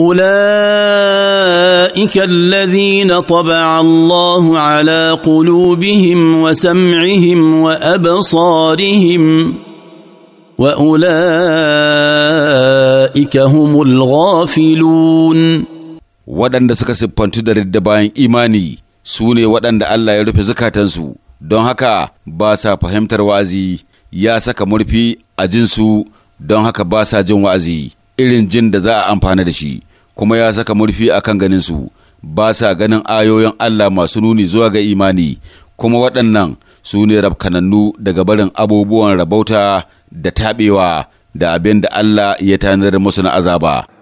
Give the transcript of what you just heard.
اولئك الذين طبع الله على قلوبهم وسمعهم وابصارهم واولئك هم الغافلون waɗanda suka siffantu da ridda bayan imani su ne waɗanda Allah ya rufe zukatansu don haka ba sa fahimtar wa'azi ya saka murfi a jinsu don haka ba sa jin wa'azi irin jin da za a amfana da shi kuma ya saka murfi a kan ganinsu ba sa ganin ayoyin Allah masu nuni zuwa ga imani kuma waɗannan su ne rabkanannu daga barin abubuwan rabauta da taɓewa da abin da Allah ya tanar musu na azaba.